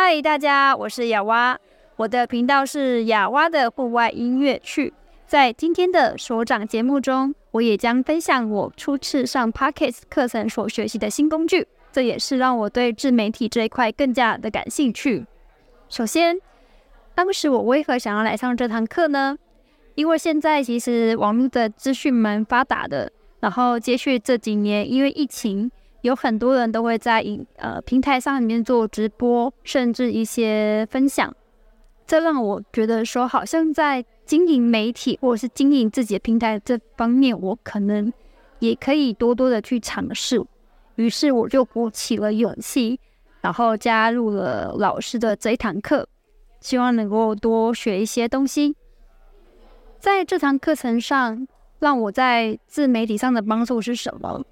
嗨，Hi，大家，我是亞娃。我的頻道是亞娃的戶外音樂趣。在今天的所長節目中，我也將分享我初次上 Podcast 課程所學習的新工具，這也是讓我對自媒體這一塊更加的感興趣。首先，當時我為何想要來上這堂課呢？因為現在其實網絡的資訊蠻發達的，然後，接續這幾年，因為疫情，有很多人都會在影呃平台上裡面做直播，甚至一些分享，這讓我覺得說好像在經營媒體或者是經營自己的平台這方面，我可能也可以多多的去嘗試。於是我就鼓起了勇氣，然後加入了老師的這一堂課，希望能夠多學一些東西。在這堂課程上，讓我在自媒體上的幫助是什麼？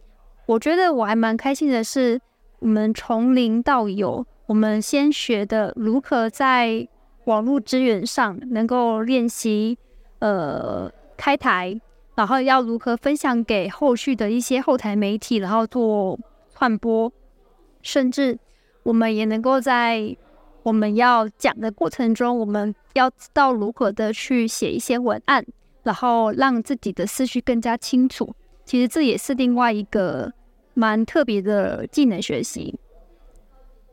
我覺得我還蠻開心的是，我們從零到有，我們先學的如何在網絡資源上能夠練習，呃，開台，然後要如何分享給後續的一些後台媒體，然後做換播，甚至我們也能夠在我們要講的過程中，我們要知道如何的去寫一些文案，然後讓自己的思緒更加清楚。其實這也是另外一個。蠻特別的技能學習，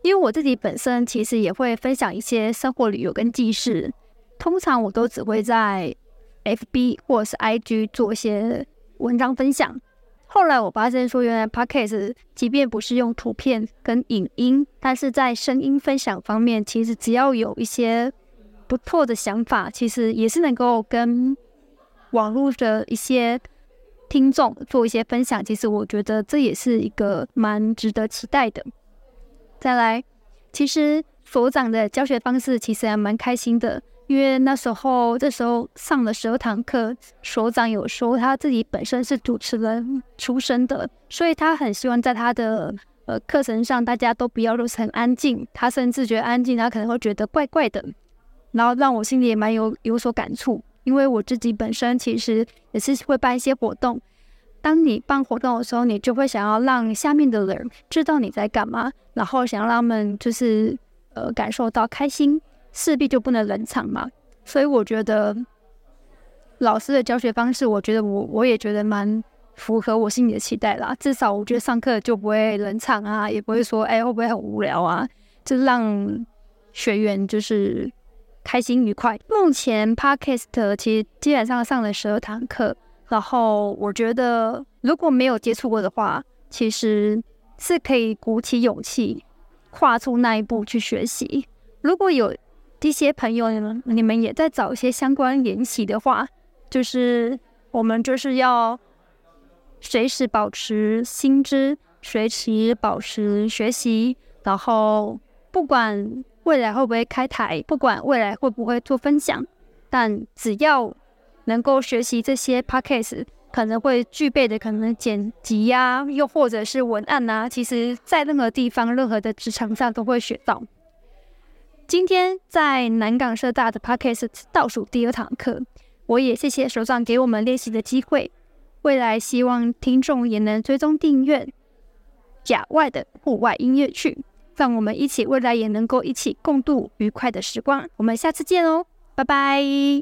因為我自己本身其實也會分享一些生活旅遊跟記事，通常我都只會在 FB 或是 IG 做一些文章分享。後來我發現說，原來 Podcast 即便不是用圖片跟影音，但是在聲音分享方面，其實只要有一些不錯的想法，其實也是能夠跟網絡的一些。聽眾做一些分享，其實我覺得這也是一個蠻值得期待的。再來，其實所長的教學方式其實還蠻開心的，因為那時候，這時候上了十二堂課，所長有說他自己本身是主持人出身的，所以他很希望在他的呃課程上大家都不要如此很安靜，他甚至覺得安靜他可能會覺得怪怪的，然後讓我心裡也蠻有有所感觸。因為我自己本身其實也是會辦一些活動，當你辦活動的時候，你就會想要讓下面的人知道你在幹嘛，然後想要讓他們就是呃感受到開心，勢必就不能冷場嘛。所以我覺得老師的教學方式，我覺得我我也覺得蠻符合我心裡的期待啦。至少我覺得上課就不會冷場啊，也不會說哎會不會很無聊啊，就讓學員就是。開心愉快。目前 Podcast 其實基本上上了十二堂課，然後我覺得如果沒有接觸過的話，其實是可以鼓起勇氣跨出那一步去學習。如果有這些朋友，你們也在找一些相關聯繫的話，就是我們就是要隨時保持新知，隨時保持學習，然後不管。未來會不會開台？不管未來會不會做分享，但只要能夠學習這些 Podcast 可能會具備的可能剪輯呀、啊，又或者是文案吶、啊，其實在任何地方、任何的職場上都會學到。今天在南港社大的 Podcast 倒數第二堂課，我也謝謝所長給我們練習的機會。未來希望聽眾也能追蹤訂閱亞娃的戶外音樂去。讓我們一起，未來也能夠一起共度愉快的時光。我們下次見哦，拜拜。